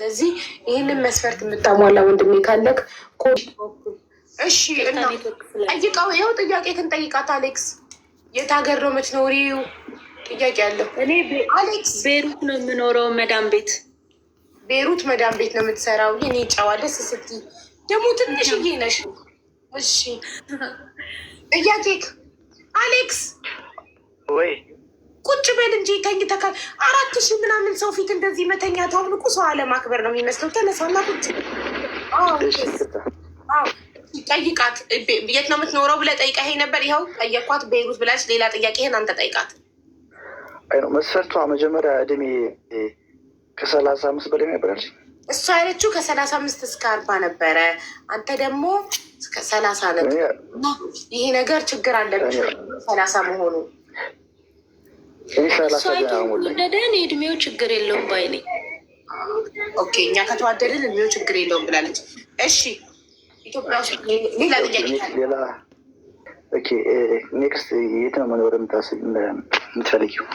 ስለዚህ ይህንን መስፈርት የምታሟላ ወንድሜ ካለቅ እሺ፣ ጠይቀው። ይኸው ጥያቄ ክን ጠይቃት። አሌክስ የት ሀገር ነው የምትኖሪው? ጥያቄ አለው። እኔ አሌክስ ቤሩት ነው የምኖረው፣ መዳም ቤት ቤሩት መዳም ቤት ነው የምትሰራው። ይህን ጨዋ ደስ ደግሞ ትንሽ ይ ነሽ። እሺ ጥያቄ አሌክስ ወይ ቁጭ በል እንጂ ተካል አራት ሺህ ምናምን ሰው ፊት እንደዚህ መተኛ ታውንቁ ሰው አለማክበር ነው የሚመስለው። ተነሳና ቁጭ ጠይቃት። የት ነው የምትኖረው ብለህ ጠይቀኸኝ ነበር። ይኸው ጠየኳት ቤይሩት ብላች። ሌላ ጥያቄህን አንተ ጠይቃት። መስፈርቷ መጀመሪያ እድሜ ከሰላሳ አምስት በላይ ነበር እሱ ያለችው ከሰላሳ አምስት እስከ አርባ ነበረ። አንተ ደግሞ ሰላሳ ነበር። ይሄ ነገር ችግር አለብ ሰላሳ መሆኑ እድሜው ችግር የለውም ባይ ነኝ። ኦኬ እኛ ከተዋደድን እድሜው ችግር የለውም ብላለች። እሺ ኢትዮጵያ ውስጥ ሌላ ጥያቄ ኔክስት የት ነው መኖር የምትፈልጊው?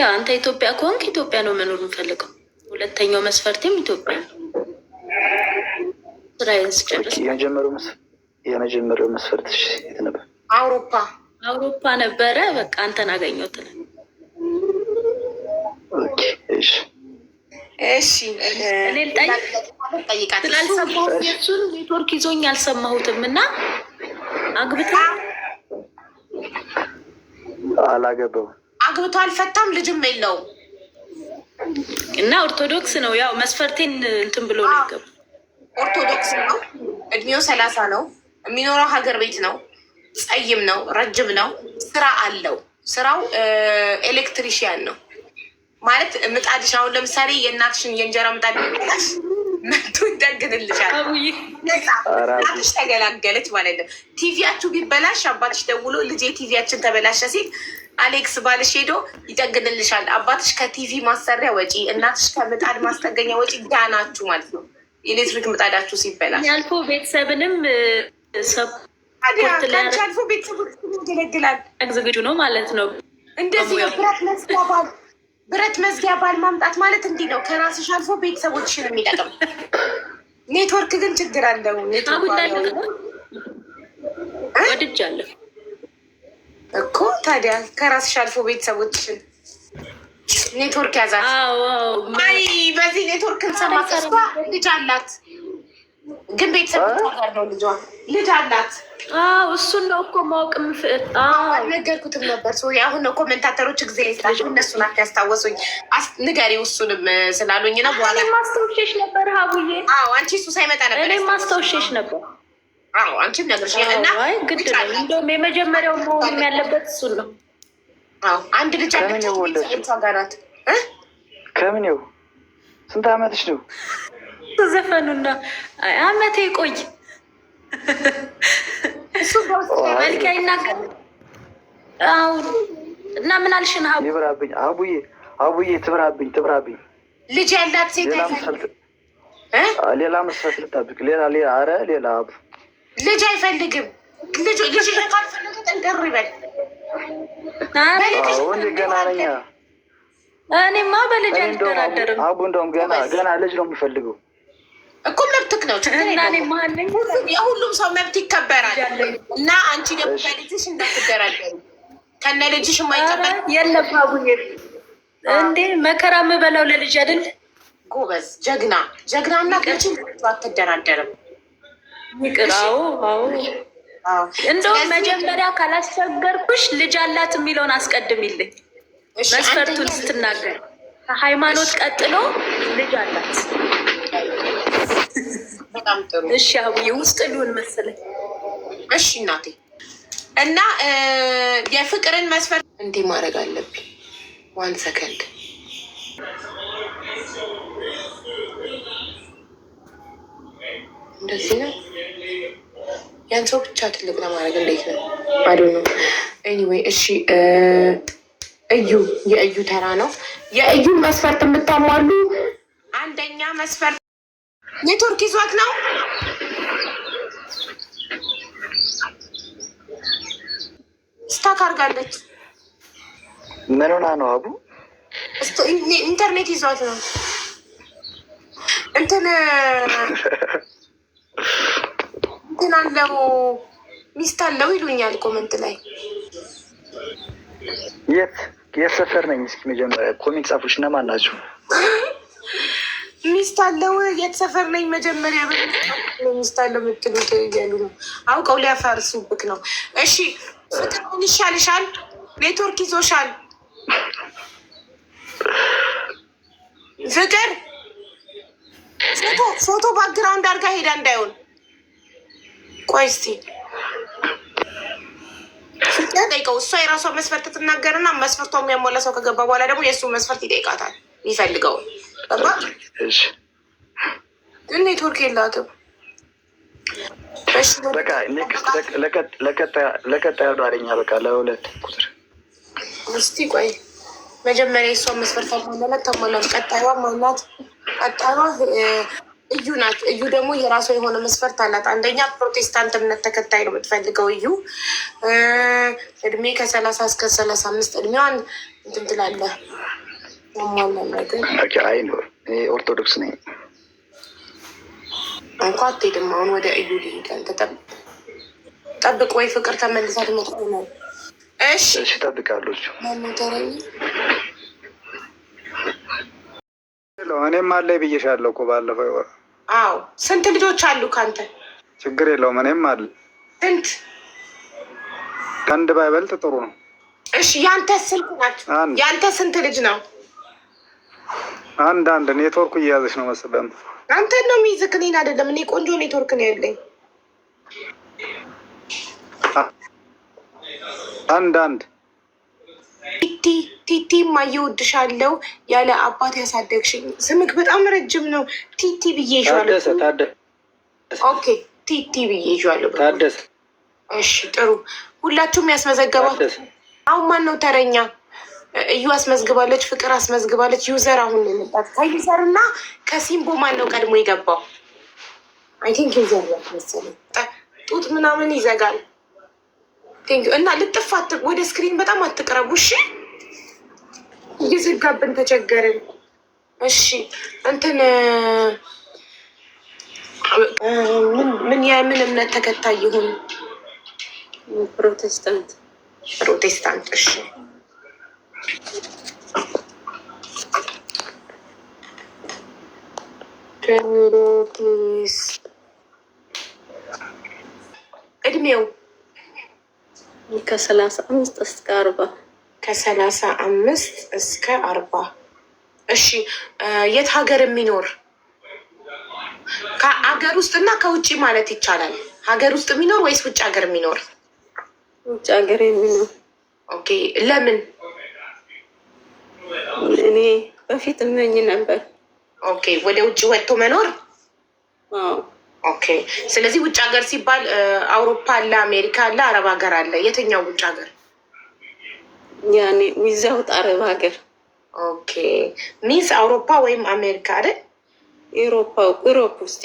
ያ አንተ ኢትዮጵያ ከሆንክ ኢትዮጵያ ነው መኖር የምፈልገው። ሁለተኛው መስፈርትም ኢትዮጵያ ነው። ስራዬን ስጨርስ የመጀመሪያው መስፈርት የት ነበር? አውሮፓ አውሮፓ ነበረ። በቃ አንተን አገኘሁት። እሺ ስላልሰማሁት የእሱን ኔትወርክ ይዞኝ አልሰማሁትም እና አግብታ አላገባም አግብቶ አልፈታም ልጅም የለውም እና ኦርቶዶክስ ነው። ያው መስፈርቴን እንትን ብሎ ነው የገባው። ኦርቶዶክስ ነው። እድሜው ሰላሳ ነው። የሚኖረው ሀገር ቤት ነው። ጸይም ነው፣ ረጅም ነው፣ ስራ አለው። ስራው ኤሌክትሪሽያን ነው ማለት ምጣድሽ፣ አሁን ለምሳሌ የእናትሽን የእንጀራ ምጣድ ቢበላሽ መቶ ይጠግንልሻል። ተገላገለች ማለት ነው። ቲቪያችሁ ቢበላሽ አባትሽ ደውሎ ልጄ ቲቪያችን ተበላሸ ሲል አሌክስ ባልሽ ሄዶ ይጠግንልሻል። አባትሽ ከቲቪ ማሰሪያ ወጪ፣ እናትሽ ከምጣድ ማስጠገኛ ወጪ ጋናችሁ ማለት ነው። ኤሌክትሪክ ምጣዳችሁ ሲበላሽ ያልፎ ቤተሰብንም አልፎ ቤተሰቦች ዝግጁ ነው ማለት ነው። እንደዚህ ነው ብረት መዝጊያ ባል ብረት መዝጊያ ባል ማምጣት ማለት እንዲህ ነው። ከራስሽ አልፎ ቤተሰቦችሽን የሚጠቅም ኔትወርክ ግን ችግር አለው። ወድጃለሁ እኮ ታዲያ ከራስሽ አልፎ ቤተሰቦችሽን ኔትወርክ ያዛት። አይ በዚህ ኔትወርክ እንሰማ ልጅ አላት ግን ቤተሰብ ነው ልጇ ልጅ አላት። እሱን ነው እኮ ማወቅ ነገርኩትም ነበር ሰው አሁን ነው ጊዜ ስላቸው እነሱ ናት ያስታወሱኝ። ንገሪው እሱንም ስላሉኝ ነው በኋላ ማስታውሸሽ ነበር ሀቡዬ። አንቺ እሱ ሳይመጣ ነበር እኔ ማስታውሸሽ ነበር። አዎ አንቺም ነገርሽ ግድ ነው። እንደውም የመጀመሪያው መሆን ያለበት እሱን ነው። አንድ ልጅ አለች ጋር ከምን ይኸው ስንት አመትሽ ነው? ዘፈኑና አመቴ ቆይ እሱ መልክ ይናገር እና ምን አልሽን? ይብራብኝ አቡዬ አቡዬ ትብራብኝ ትብራብኝ ልጅ ያላት ሴት ሌላ መስፈት ልጠብቅ ሌላ ሌላ አረ ሌላ አቡ ልጅ አይፈልግም። ልጅ ልጅ ይበል እኔማ በልጅ አልደራደርም። አቡ እንደውም ገና ገና ልጅ ነው የሚፈልገው እኮ መብትክ ነው። የሁሉም ሰው መብት ይከበራል። እና አንቺ ደግሞ ከልጅሽ እንዳትደራደሩ ከነ ልጅሽ ማይቀበል የለም። እንዴ መከራ የምበላው ለልጅ አይደል? ጎበዝ ጀግና ጀግና እና መቼም አትደራደርም። ይቅራው እንደውም መጀመሪያ ካላስቸገርኩሽ ልጅ አላት የሚለውን አስቀድሚልኝ መስፈርቱን ስትናገር ከሃይማኖት ቀጥሎ ልጅ አላት እሺ አቡዬ ውስጥ ሊሆን መሰለኝ። እሺ እናቴ እና የፍቅርን መስፈርት እንዴ ማድረግ አለብኝ። ዋን ሰከንድ እንደዚህ ነው። ያን ሰው ብቻ ትልቅ ለማድረግ እንዴት ነው? አዶ ነው። ኤኒዌይ እሺ፣ እዩ የእዩ ተራ ነው። የእዩን መስፈርት የምታሟሉ አንደኛ መስፈርት ኔትወርክ ይዟት ነው። ስታክ አድርጋለች። ምን ሆና ነው አቡ? ኢንተርኔት ይዟት ነው። እንትን እንትን አለው ሚስት አለው ይሉኛል ኮመንት ላይ። የት የት ሰፈር ነኝ? እስኪ መጀመሪያ ኮሜንት ጻፎች እነማን ናቸው? ሚስት አለው የት ሰፈር ነኝ መጀመሪያ ሚስት አለው የምትሉት እያሉ ነው። አውቀው ሊያፈርሱብክ ነው። እሺ ፍቅር ምን ይሻልሻል? ኔትወርክ ይዞሻል። ፍቅር ፎቶ ባክግራውንድ አድርጋ ሄዳ እንዳይሆን ቆይ እስኪ ጠይቀው። እሷ የራሷ መስፈርት ትናገርና መስፈርቷ የሚያሞላ ሰው ከገባ በኋላ ደግሞ የእሱ መስፈርት ይጠይቃታል የሚፈልገውን ግን ኔትወርክ የላትም። በቃ ለቀጣይ አዳሪኛ በቃ ለሁለት ቁጥር እስቲ ቆይ መጀመሪያ የእሷ መስፈርት ማሟላት ተሟላት። ቀጣይዋ ማናት? ቀጣይዋ እዩ ናት። እዩ ደግሞ የራሷ የሆነ መስፈርት አላት። አንደኛ ፕሮቴስታንት እምነት ተከታይ ነው የምትፈልገው እዩ። እድሜ ከሰላሳ እስከ ሰላሳ አምስት እድሜዋን እንትን ትላለህ አይ ኦርቶዶክስ ነኝ። እንኳ አትሄድም። አሁን ወደ እዩ ሊሄዳል። ጠብቅ ወይ ፍቅር ተመልሳ ነው። እሺ እኔም አለ ብዬሻለሁ እኮ ባለፈው አዎ ስንት ልጆች አሉ ከአንተ? ችግር የለውም። እኔም አለ ስንት ከአንድ ባይበልጥ ጥሩ ነው። እሺ ያንተ ናቸው? ያንተ ስንት ልጅ ነው? አንድ አንድ ኔትወርኩ እየያዘች ነው መሰለህ። አንተ ነው የሚይዝህ እኔን አይደለም። እኔ ቆንጆ ኔትወርክ ነው ያለኝ። አንድ አንድ ቲቲ ማየ ማየወድሻለው ያለ አባት ያሳደግሽኝ ስምክ በጣም ረጅም ነው። ቲቲ ብዬ ይዋለሁ። ኦኬ ቲቲ ብዬ ይዋለሁ። ታደሰ። እሺ ጥሩ። ሁላችሁም ያስመዘገባችሁ። አሁን ማን ነው ተረኛ? እዩ አስመዝግባለች፣ ፍቅር አስመዝግባለች። ዩዘር አሁን የመጣት ከዩዘር እና ከሲምቦ ማን ነው ቀድሞ የገባው? አይ ቲንክ ዩዘር መሰለኝ። ጡት ምናምን ይዘጋል እና ልጥፍ ወደ ስክሪን በጣም አትቅረቡ እሺ። እየዘጋብን ተቸገርን። እሺ እንትን ምን የምን እምነት ተከታይ ይሁን? ፕሮቴስታንት ፕሮቴስታንት። እሺ እድሜው ከሰላሳ አምስት እስከ አርባ ከሰላሳ አምስት እስከ አርባ እሺ የት ሀገር የሚኖር ከሀገር ውስጥ እና ከውጭ ማለት ይቻላል ሀገር ውስጥ የሚኖር ወይስ ውጭ ሀገር የሚኖር ውጭ ሀገር የሚኖር ኦኬ ለምን እኔ በፊት እመኝ ነበር። ኦኬ፣ ወደ ውጭ ወጥቶ መኖር። ኦኬ፣ ስለዚህ ውጭ ሀገር ሲባል አውሮፓ አለ፣ አሜሪካ አለ፣ አረብ ሀገር አለ። የትኛው ውጭ ሀገር? ያኔ ዊዛውት አረብ ሀገር። ኦኬ፣ አውሮፓ ወይም አሜሪካ አይደል? ውስጥ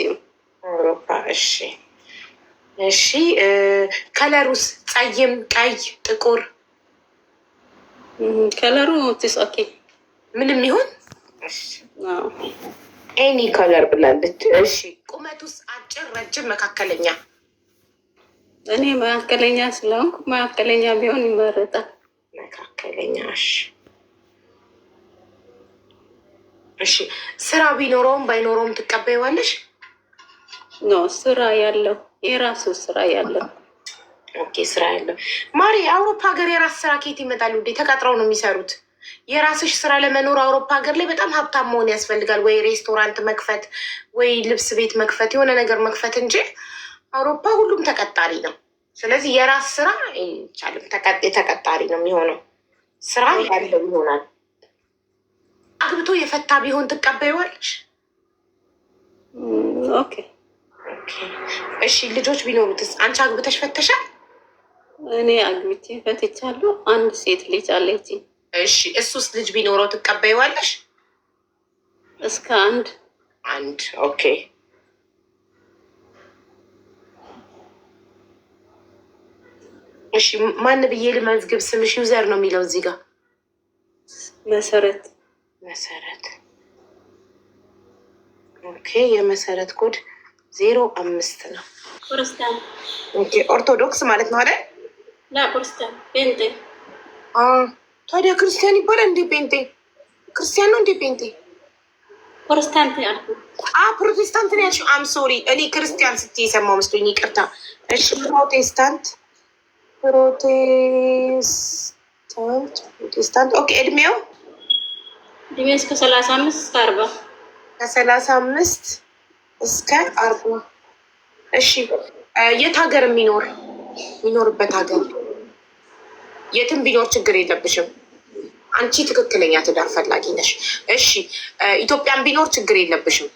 አውሮፓ። እሺ፣ እሺ። ከለሩስ? ፀይም፣ ቀይ፣ ጥቁር ከለሩ ትስ ኦኬ ምንም ይሁን ኤኒ ከለር ብላለች። እሺ ቁመቱስ አጭር፣ ረጅም፣ መካከለኛ? እኔ መካከለኛ ስለሆንኩ መካከለኛ ቢሆን ይመረጣል። መካከለኛ። እሺ እሺ። ስራ ቢኖረውም ባይኖረውም ትቀበይዋለሽ? ኖ ስራ ያለው የራሱ ስራ ያለው ኦኬ፣ ስራ ያለው ማሪ። አውሮፓ ሀገር የራስ ስራ ኬት ይመጣል? ውዴ ተቀጥረው ነው የሚሰሩት የራስሽ ስራ ለመኖር አውሮፓ ሀገር ላይ በጣም ሀብታም መሆን ያስፈልጋል። ወይ ሬስቶራንት መክፈት፣ ወይ ልብስ ቤት መክፈት፣ የሆነ ነገር መክፈት እንጂ አውሮፓ ሁሉም ተቀጣሪ ነው። ስለዚህ የራስ ስራ አይቻልም፣ ተቀጣሪ ነው የሚሆነው። ስራ ያለው ይሆናል። አግብቶ የፈታ ቢሆን ትቀበይዋለሽ? ኦኬ እሺ። ልጆች ቢኖሩትስ? አንቺ አግብተሽ ፈተሻል? እኔ አግብቼ ፈትቻለሁ። አንድ ሴት ልጅ አለችኝ። እሺ እሱስ ልጅ ቢኖረው ትቀበይዋለሽ? እስከ አንድ አንድ ኦኬ። እሺ ማን ብዬ ልመዝግብ? ስምሽ ዩዘር ነው የሚለው እዚህ ጋር መሰረት መሰረት። ኦኬ የመሰረት ኮድ ዜሮ አምስት ነው። ኦርቶዶክስ ማለት ነው አይደል? ፕሮቴስታንት ፔንጤ ታዲያ ክርስቲያን ይባላል እንዴ? ጴንጤ ክርስቲያን ነው እንዴ? ጴንጤ ፕሮቴስታንት ያልኩ። አ ፕሮቴስታንት ነው ያልሽው። አም ሶሪ እኔ ክርስቲያን ስትይ የሰማው መስሎኝ፣ ይቅርታ። እሺ ፕሮቴስታንት ፕሮቴስታንት ፕሮቴስታንት። ኦኬ እድሜው እድሜ እስከ ሰላሳ አምስት እስከ አርባ ከሰላሳ አምስት እስከ አርባ እሺ የት ሀገር የሚኖር የሚኖርበት ሀገር የትም ቢኖር ችግር የለብሽም። አንቺ ትክክለኛ ትዳር ፈላጊ ነሽ። እሺ ኢትዮጵያን ቢኖር ችግር የለብሽም።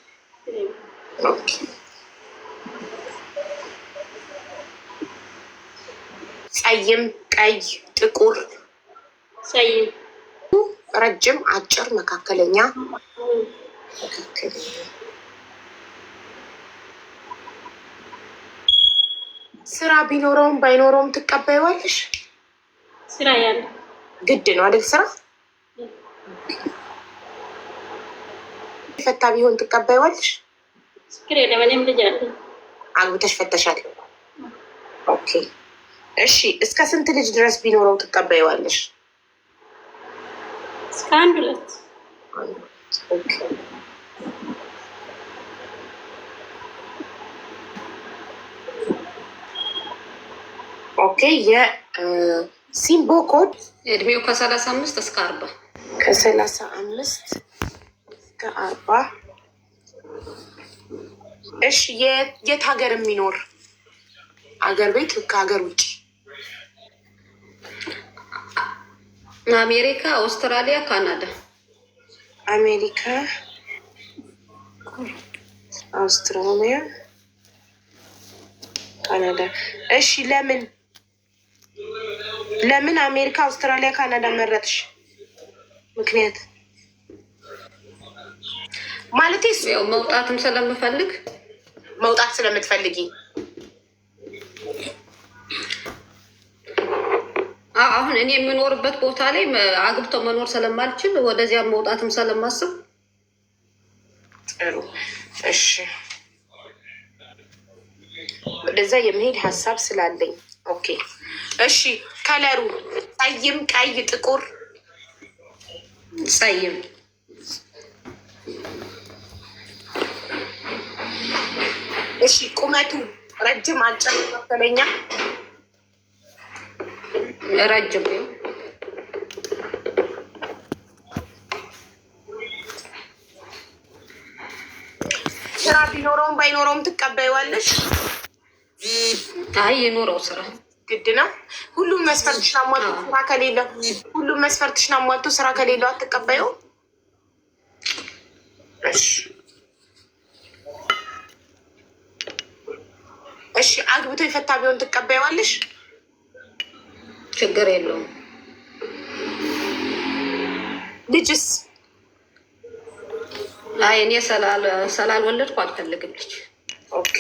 ጸይም፣ ቀይ፣ ጥቁር፣ ረጅም፣ አጭር፣ መካከለኛ ስራ ቢኖረውም ባይኖረውም ትቀበይዋለሽ። ስራ ያለ ግድ ነው አይደል? ስራ ፈታ ቢሆን ትቀባይዋለሽ? ችግር የለም። እኔም ልጅ አለ አግብተሽ ፈተሻል። ኦኬ እሺ። እስከ ስንት ልጅ ድረስ ቢኖረው ትቀባይዋለሽ? እስከ አንድ ሁለት። ኦኬ የሲምቦ ኮድ እድሜው ከሰላሳ አምስት እስከ አርባ ከሰላሳ አምስት እስከ አርባ እሺ የት ሀገር የሚኖር አገር ቤት ከሀገር ውጭ አሜሪካ አውስትራሊያ ካናዳ አሜሪካ አውስትራሊያ ካናዳ እሺ ለምን ለምን አሜሪካ አውስትራሊያ ካናዳ መረጥሽ ምክንያት ማለት ያው መውጣትም ስለምፈልግ መውጣት ስለምትፈልጊ አሁን እኔ የምኖርበት ቦታ ላይ አግብቶ መኖር ስለማልችል ወደዚያ መውጣትም ስለማስብ ጥሩ። እሺ ወደዛ የመሄድ ሀሳብ ስላለኝ ኦኬ። እሺ ከለሩ ቀይም ቀይ ጥቁር ጸይም እሺ፣ ቁመቱ ረጅም አጭር መሰለኛ፣ ረጅም ስራ ቢኖረውም ባይኖረውም ትቀበይዋለሽ? አይ የኖረው ስራ ግድ ነው። ሁሉም መስፈርትሽን አሟልቶ ስራ ከሌለ ሁሉም መስፈርትሽን አሟልቶ ስራ ከሌለው አትቀበዩ። እሺ አግብቶ የፈታ ቢሆን ትቀበየዋለሽ? ችግር የለውም። ልጅስ? አይ እኔ ወለድኩ አልፈልግም ልጅ ኦኬ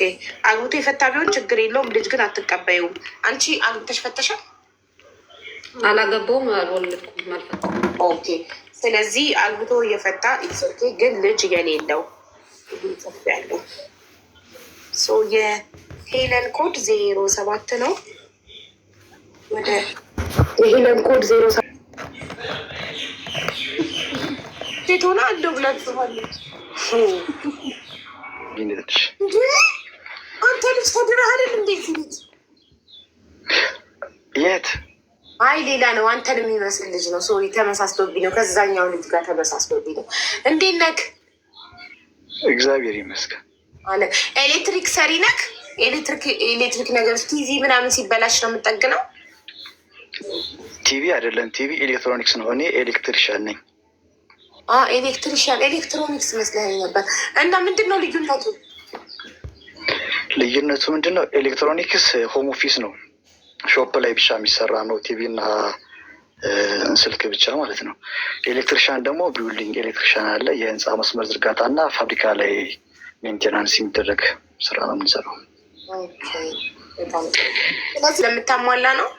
አግብቶ የፈታ ቢሆን ችግር የለውም። ልጅ ግን አትቀበዩም። አንቺ አግብተሽ ፈተሻል? አላገባውም፣ አልወለድኩም፣ ኦኬ ስለዚህ አግብቶ እየፈታ ኢትሶኬ ግን ልጅ የሌለው ያለው የሄለን ኮድ ዜሮ ሰባት ነው። ወደ የሄለን ኮድ ዜሮ ሰባት ሴት ሆና እንደው ብላችኋለች ይነች አንተ ልጅ ተድረሃል እንዴት ልጅ የት አይ ሌላ ነው። አንተን የሚመስል ልጅ ነው። ሶሪ ተመሳስሎብኝ ነው። ከዛኛው ልጅ ጋር ተመሳስሎብኝ ነው። እንዴት ነክ? እግዚአብሔር ይመስገን አለ። ኤሌክትሪክ ሰሪ ነክ? ኤሌክትሪክ ነገሮች ቲቪ ምናምን ሲበላሽ ነው የምጠግነው። ቲቪ አይደለም ቲቪ ኤሌክትሮኒክስ ነው። እኔ ኤሌክትሪሻን ነኝ። ኤሌክትሪሽያን ኤሌክትሮኒክስ መስለኝ ነበር። እና ምንድን ነው ልዩነቱ? ልዩነቱ ምንድን ነው? ኤሌክትሮኒክስ ሆም ኦፊስ ነው፣ ሾፕ ላይ ብቻ የሚሰራ ነው፣ ቲቪ እና ስልክ ብቻ ማለት ነው። ኤሌክትሪሽያን ደግሞ ቢውልዲንግ ኤሌክትሪሽያን አለ፣ የህንፃ መስመር ዝርጋታ እና ፋብሪካ ላይ ሜንቴናንስ የሚደረግ ስራ ነው የምንሰራው። ለምታሟላ ነው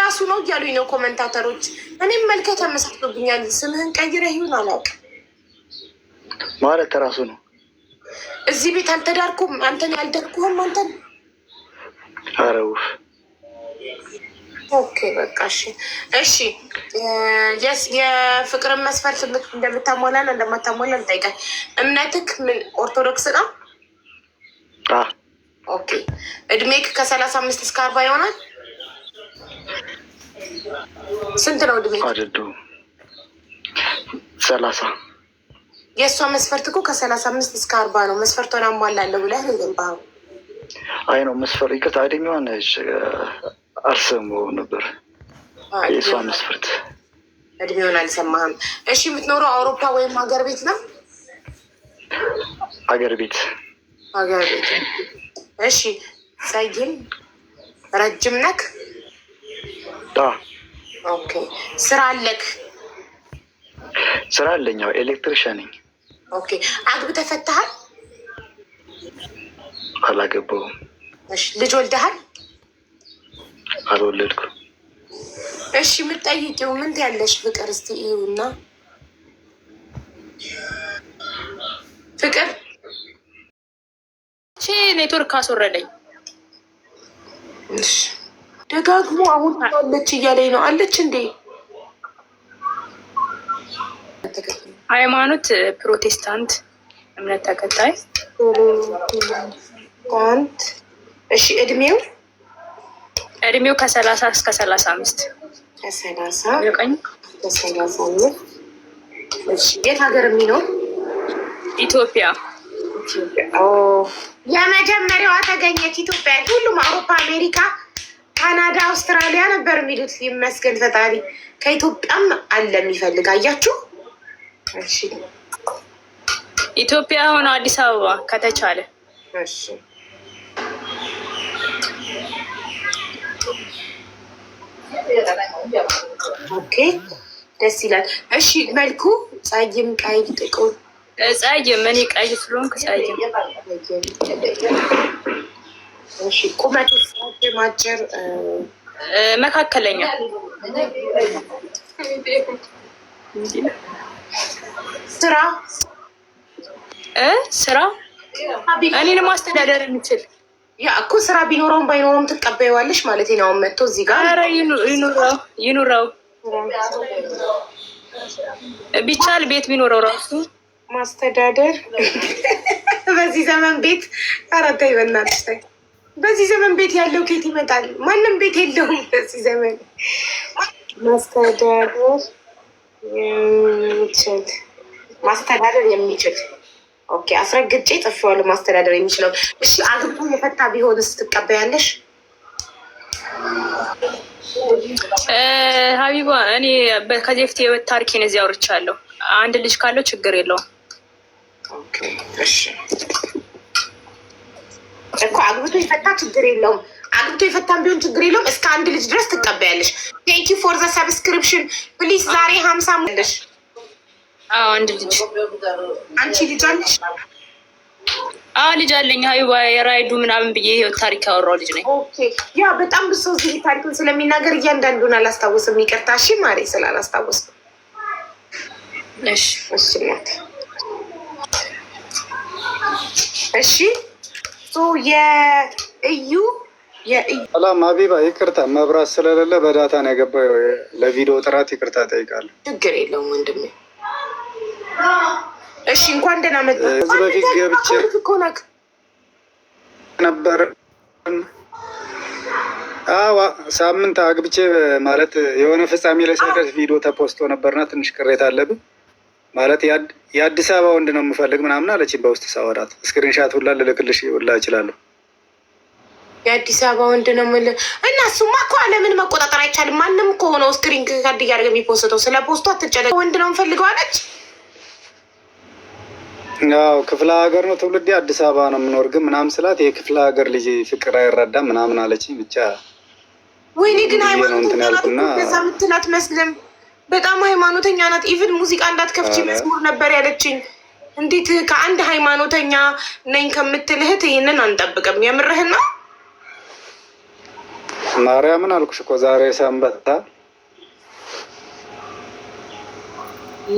ራሱ ነው እያሉኝ ነው ኮመንታተሮች። እኔም መልከት ተመሳቶብኛል። ስምህን ቀይረ ይሁን አላውቅም። ማለት ራሱ ነው። እዚህ ቤት አልተዳርኩም። አንተን ያልደርኩህም አንተን አረውፍ ኦኬ በቃ እሺ፣ እሺ። የፍቅርን መስፈርት እንደምታሟላ እንደማታሟላ እንጠይቃል። እምነትክ ምን ኦርቶዶክስ ነው? ኦኬ። እድሜክ ከሰላሳ አምስት እስከ አርባ ይሆናል? ስንት ነው እድሜ? ሰላሳ የእሷ መስፈርት እኮ ከሰላሳ አምስት እስከ አርባ ነው። መስፈርቷን አሟላለሁ ብለህ ንገባው። አይ ነው መስፈር ይቅርታ፣ እድሜዋን አልሰማሁም ነበር። የእሷ መስፈርት እድሜውን አልሰማህም? እሺ። የምትኖረው አውሮፓ ወይም ሀገር ቤት ነው? ሀገር ቤት ሀገር ቤት። እሺ። ጸይም ረጅም ነክ ስራ አለክ? ስራ አለኛው ኤሌክትሪሻን ነኝ። ኦኬ አግብተህ ፈተሃል? አላገባውም። ልጅ ወልደሃል? አልወለድኩም። እሺ የምትጠይቂው ምን ያለሽ ፍቅር እስቲ እዩና ፍቅር ኔትወርክ ካስወረደኝ ደጋግሞ አሁን አለች እያለኝ ነው። አለች እንዴ? ሃይማኖት ፕሮቴስታንት እምነት ተከታይ ፕሮቴስታንት። እሺ እድሜው እድሜው ከሰላሳ እስከ ሰላሳ አምስት ከሰላሳ ቀኝ ከሰላሳ አምስት የት ሀገር የሚኖር? ኢትዮጵያ የመጀመሪያዋ ተገኘች ኢትዮጵያ። ሁሉም አውሮፓ፣ አሜሪካ ካናዳ፣ አውስትራሊያ ነበር የሚሉት። ይመስገን ፈጣሪ ከኢትዮጵያም አለ የሚፈልግ አያችሁ። ኢትዮጵያ ሆነ አዲስ አበባ ከተቻለ ደስ ይላል። እሺ፣ መልኩ ፀይም፣ ቀይ፣ ጥቁር፣ ፀይም እኔ ቀይ ስለሆንኩ ፀይም ቁመቱ ማጭር መካከለኛ ስራ ስራ እኔንም ማስተዳደር የሚችል ያ እኮ ስራ ቢኖረውም ባይኖረውም ትቀበይዋለሽ ማለት ነው። መጥቶ እዚህ ጋር ይኑረው ቢቻል ቤት ቢኖረው ራሱ ማስተዳደር በዚህ ዘመን ቤት አራታይ በናትሽ በዚህ ዘመን ቤት ያለው ኬት ይመጣል? ማንም ቤት የለውም በዚህ ዘመን። ማስተዳደር የሚችል ማስተዳደር የሚችል ኦኬ፣ አስረግጬ ጽፌዋለሁ። ማስተዳደር የሚችለው እሺ። አግብቶ የፈታ ቢሆንስ ትቀበያለሽ? ሀቢባ እኔ ከዚህ በፊት የህይወት ታሪኬን እዚህ አውርቻለሁ። አንድ ልጅ ካለው ችግር የለውም። እሺ እኮ አግብቶ የፈታ ችግር የለውም። አግብቶ የፈታም ቢሆን ችግር የለውም። እስከ አንድ ልጅ ድረስ ትቀበያለሽ። ቴንክ ዩ ፎር ዘ ሰብስክሪፕሽን ፕሊዝ። ዛሬ ሀምሳ ሙለሽ አንድ ልጅ አንቺ ልጅ አለሽ? አዎ ልጅ አለኝ። ሀይዋ የራይዱ ምናምን ብዬ ህይወት ታሪክ ያወራው ልጅ ነኝ። ያ በጣም ብዙ ሰው ታሪክን ስለሚናገር እያንዳንዱን አላስታወስም። ይቅርታ እሺ ማሬ ስላላስታወስም። እሺ እሺ የእዩ ሰላም አቢባ ይቅርታ፣ መብራት ስለሌለ በዳታ ነው የገባው። ለቪዲዮ ጥራት ይቅርታ ጠይቃለሁ። ችግር የለውም ወንድሜ። እሺ፣ እንኳን ደህና ከዚህ በፊት ገብቼ ነበር። አዎ ሳምንት አግብቼ ማለት የሆነ ፍጻሜ ላይ ሳይደርስ ቪዲዮ ተፖስቶ ነበርና ትንሽ ቅሬታ አለብን። ማለት የአዲስ አበባ ወንድ ነው የምፈልግ ምናምን አለችኝ በውስጥ ሳወራት። እስክሪንሻት ሁላ ልልክልሽ ሁላ እችላለሁ። የአዲስ አበባ ወንድ ነው ምል እና እሱማ እኮ አለምን መቆጣጠር አይቻልም። ማንም እኮ ስክሪን እስክሪን ካድ እያደረገ የሚፖስተው ስለ ፖስቱ አትጨነቅ። ወንድ ነው የምፈልገው አለች። ያው ክፍለ ሀገር ነው ትውልድ አዲስ አበባ ነው የምኖር ግን ምናም ስላት የክፍለ ሀገር ልጅ ፍቅር አይረዳም ምናምን አለችኝ። ብቻ ወይኔ ግን ሃይማኖት ምትናት ምትላት መስልም በጣም ሃይማኖተኛ ናት። ኢቭን ሙዚቃ እንዳትከፍቺ መዝሙር ነበር ያለችኝ። እንዴት ከአንድ ሃይማኖተኛ ነኝ ከምትል እህት ይህንን አንጠብቅም። የምርህን ነው። ማርያምን አልኩሽ እኮ ዛሬ ሰንበታ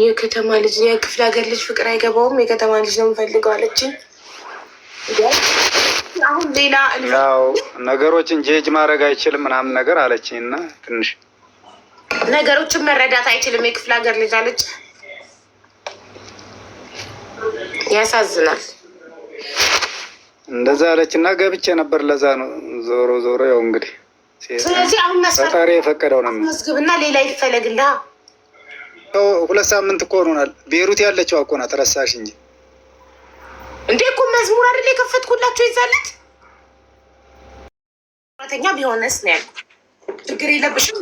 የከተማ ልጅ የክፍለ ሀገር ልጅ ፍቅር አይገባውም፣ የከተማ ልጅ ነው የምፈልገው አለችኝ። አሁን ሌላ ነገሮችን ጄጅ ማድረግ አይችልም ምናምን ነገር አለችኝ እና ትንሽ ነገሮችን መረዳት አይችልም። የክፍለ ሀገር ልጅ አለች። ያሳዝናል። እንደዛ አለች እና ገብቼ ነበር። ለዛ ነው ዞሮ ዞሮ ያው እንግዲህ ስለዚህ አሁን ፈጣሪ የፈቀደው ነው። መስግብና ሌላ ይፈለግላ ሁለት ሳምንት እኮ ሆኖናል። ቤሩት ያለችው እኮ ናት። ረሳሽ እንጂ እንዴ እኮ መዝሙር አይደል የከፈትኩላቸው ይዛለት ተኛ ቢሆነስ ነው ያልኩት። ችግር የለብሽም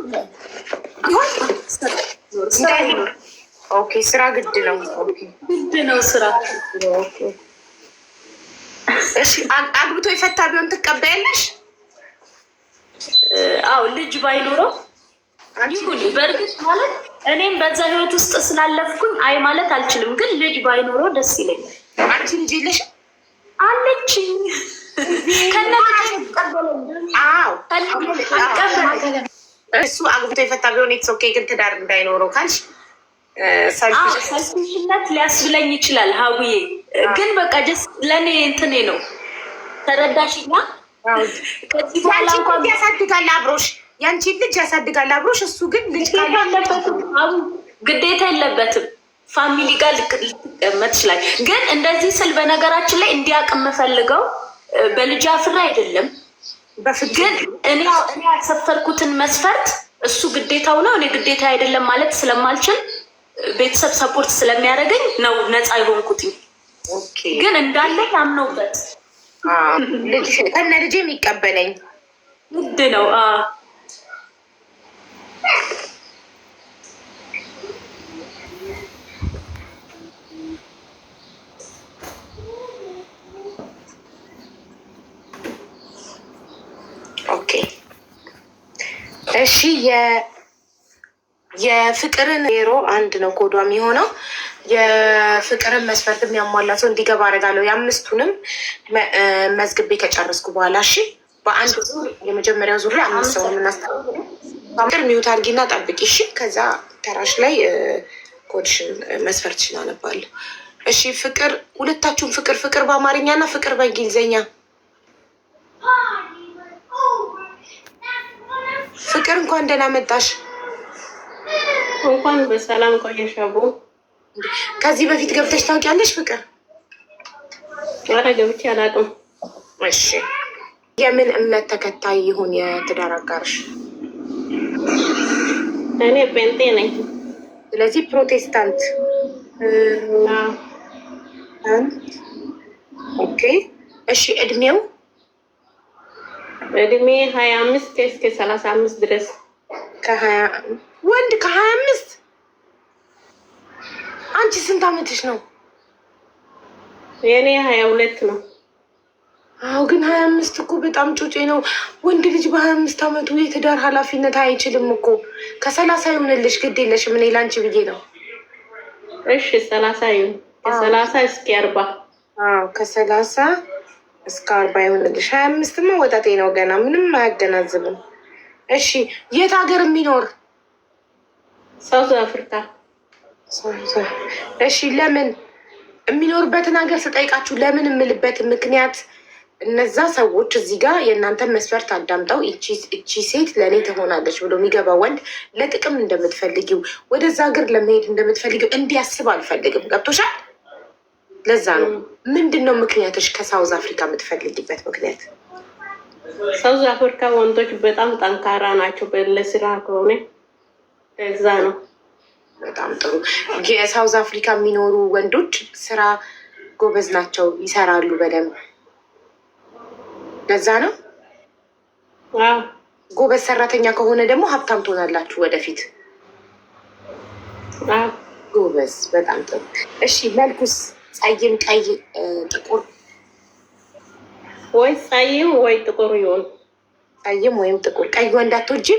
ኦኬ፣ ስራ ግድ ነው። ግድ ነው ስራ። እሺ፣ አግብቶ የፈታ ቢሆን ትቀበያለሽ? አዎ፣ ልጅ ባይኖረው ይሁን። በእርግጥ ማለት እኔም በዛ ህይወት ውስጥ ስላለፍኩኝ አይ ማለት አልችልም፣ ግን ልጅ ባይኖረው ደስ ይለኛል። አንቺ ልጅ የለሽ? አለችኝ ከነ ቀበለ እሱ አግብቶ የፈታ ቢሆን የተሰኬ ግን ትዳር እንዳይኖረው ካልሽ ሰልፊሽነት ሊያስብለኝ ይችላል። ሀቡዬ ግን በቃ ጀስ ለእኔ እንትኔ ነው ተረዳሽና ከዚህ በኋላ እንኳን ያሳድጋል አብሮሽ ያንቺ ልጅ ያሳድጋል አብሮሽ። እሱ ግን ልጅ ካለበትም ግዴታ የለበትም ፋሚሊ ጋር ልትቀመጥ ይችላል። ግን እንደዚህ ስል በነገራችን ላይ እንዲያውቅ የምፈልገው በልጅ አፍራ አይደለም ግን እኔ ያሰፈርኩትን መስፈርት እሱ ግዴታው ነው እኔ ግዴታ አይደለም ማለት ስለማልችል ቤተሰብ ሰፖርት ስለሚያደርገኝ ነው ነፃ የሆንኩት። ግን እንዳለ ያምነውበት ከነ ልጄ የሚቀበለኝ ውድ ነው። እሺ የፍቅርን ዜሮ አንድ ነው ኮዷ የሚሆነው። የፍቅርን መስፈርት የሚያሟላ ሰው እንዲገባ አደርጋለሁ። የአምስቱንም መዝግቤ ከጨረስኩ በኋላ እሺ፣ በአንድ ዙር የመጀመሪያው ዙር ላይ አምስት ሰው ምናስ ፍቅር ሚዩት አድርጊና ጠብቂ። እሺ፣ ከዛ ተራሽ ላይ ኮድሽን መስፈርትሽን አነባለሁ። እሺ፣ ፍቅር ሁለታችሁም ፍቅር ፍቅር በአማርኛ እና ፍቅር በእንግሊዝኛ ፍቅር እንኳን ደህና መጣሽ። እንኳን በሰላም ቆየሽ አቦ። ከዚህ በፊት ገብተሽ ታውቂያለሽ ፍቅር? ኧረ ገብቼ አላውቅም። እሺ፣ የምን እምነት ተከታይ ይሁን የትዳር አጋርሽ? እኔ ጴንጤ ነኝ። ስለዚህ ፕሮቴስታንት። ኦኬ። እሺ፣ እድሜው እድሜ ሀያ አምስት እስከ ሰላሳ አምስት ድረስ ከሀያ ወንድ ከሀያ አምስት አንቺ ስንት አመትሽ ነው? የእኔ ሀያ ሁለት ነው። አዎ ግን ሀያ አምስት እኮ በጣም ጩጬ ነው። ወንድ ልጅ በሀያ አምስት አመቱ የትዳር ኃላፊነት አይችልም እኮ ከሰላሳ ይሁንልሽ ግድ የለሽ። ምን ላንቺ ብዬ ነው። እሺ ሰላሳ ይሁን ከሰላሳ እስኪ አርባ ከሰላሳ እስከ አርባ ይሆንልሽ። ሀያ አምስትማ ወጣቴ ነው ገና ምንም አያገናዝብም። እሺ የት ሀገር የሚኖር ሳውዝ አፍሪካ? እሺ ለምን የሚኖርበትን ሀገር ስጠይቃችሁ ለምን የምልበት ምክንያት እነዛ ሰዎች እዚህ ጋር የእናንተን መስፈርት አዳምጠው እቺ ሴት ለእኔ ትሆናለች ብሎ የሚገባ ወንድ ለጥቅም እንደምትፈልጊው ወደዛ ሀገር ለመሄድ እንደምትፈልጊው እንዲያስብ አልፈልግም። ገብቶሻል? ለዛ ነው። ምንድን ነው ምክንያቶች ከሳውዝ አፍሪካ የምትፈልጊበት ምክንያት? ሳውዝ አፍሪካ ወንዶች በጣም ጠንካራ ናቸው። ለስራ ከሆነ ለዛ ነው። በጣም ጥሩ። የሳውዝ አፍሪካ የሚኖሩ ወንዶች ስራ ጎበዝ ናቸው፣ ይሰራሉ በደንብ። ለዛ ነው። ጎበዝ ሰራተኛ ከሆነ ደግሞ ሀብታም ትሆናላችሁ ወደፊት። ጎበዝ፣ በጣም ጥሩ። እሺ መልኩስ ጸይም፣ ቀይ፣ ጥቁር ወይ ጸይም ወይ ጥቁር ይሆን ጸይም ወይም ጥቁር ቀይ ወንድ ውጅ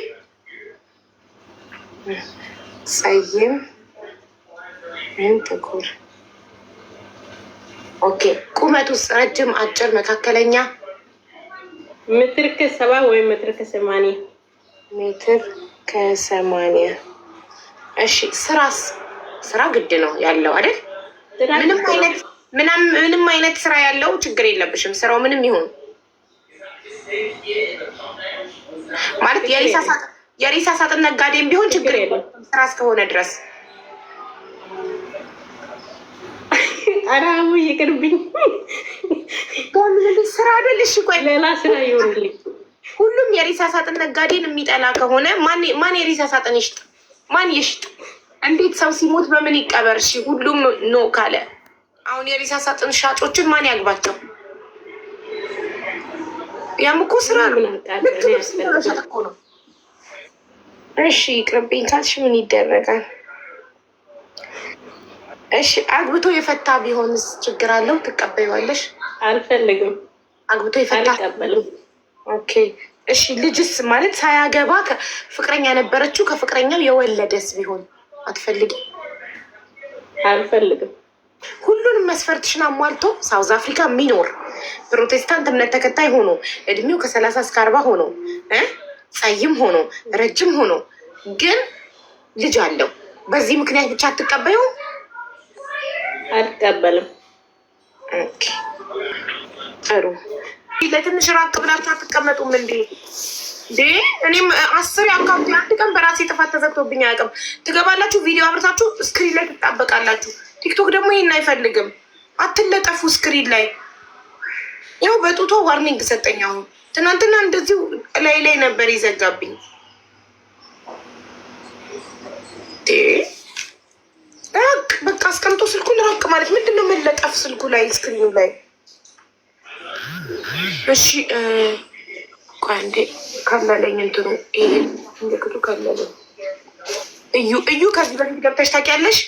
ጸይም ወይም ጥቁር። ኦኬ ቁመቱ ረጅም፣ አጭር፣ መካከለኛ ሜትር ከሰባ ወይም ሜትር ከሰማንያ ሜትር ከሰማንያ እሺ ስራስ ስራ ግድ ነው ያለው አይደል? ምንም አይነት ስራ ያለው ችግር የለብሽም። ስራው ምንም ይሁን ማለት የሬሳ ሳጥን ነጋዴም ቢሆን ችግር የለም ስራ እስከሆነ ድረስ። አራሙ ይቅርብኝ። ምንም ስራ አይደለሽ። ቆይ ሌላ ስራ ይሆንልኝ። ሁሉም የሬሳ ሳጥን ነጋዴን የሚጠላ ከሆነ ማን የሬሳ ሳጥን ይሽጥ? ማን ይሽጥ? እንዴት ሰው ሲሞት በምን ይቀበር? እሺ ሁሉም ኖ ካለ አሁን የሬሳ ሳጥን ሻጮችን ማን ያግባቸው? ያም እኮ ስራ ነው። እሺ ይቅርብኝ ካልሽ ምን ይደረጋል? እሺ አግብቶ የፈታ ቢሆንስ ችግር አለው? ትቀበይዋለሽ? አልፈልግም። አግብቶ የፈታ ኦኬ። እሺ ልጅስ ማለት ሳያገባ ፍቅረኛ ነበረችው ከፍቅረኛው የወለደስ ቢሆን አትፈልጊም? አልፈልግም። ሁሉንም መስፈርትሽን አሟልቶ ሳውዝ አፍሪካ የሚኖር ፕሮቴስታንት እምነት ተከታይ ሆኖ እድሜው ከሰላሳ እስከ አርባ ሆኖ ጸይም ሆኖ ረጅም ሆኖ ግን ልጅ አለው። በዚህ ምክንያት ብቻ አትቀበዩ? አልቀበልም። ጥሩ ለትንሽ ራቅ ብላችሁ አትቀመጡም እንዴ? እኔም አስር የአካውንት አንድ ቀን በራሴ ጥፋት ተዘግቶብኝ አያውቅም። ትገባላችሁ፣ ቪዲዮ አብርታችሁ ስክሪን ላይ ትጣበቃላችሁ። ቲክቶክ ደግሞ ይህን አይፈልግም። አትለጠፉ ስክሪን ላይ። ያው በጡቶ ዋርኒንግ ሰጠኝ። አሁን ትናንትና እንደዚሁ ላይ ላይ ነበር ይዘጋብኝ? ራቅ በቃ አስቀምጦ ስልኩን ራቅ ማለት ምንድነው? መለጠፍ ስልኩ ላይ ስክሪኑ ላይ እሺ አንዴ ከለለኝ እንትኑ ይሄ ምልክቱ ከመለኝ እዩ እዩ ከዚህ በፊት ገብተሽ ታውቂያለሽ?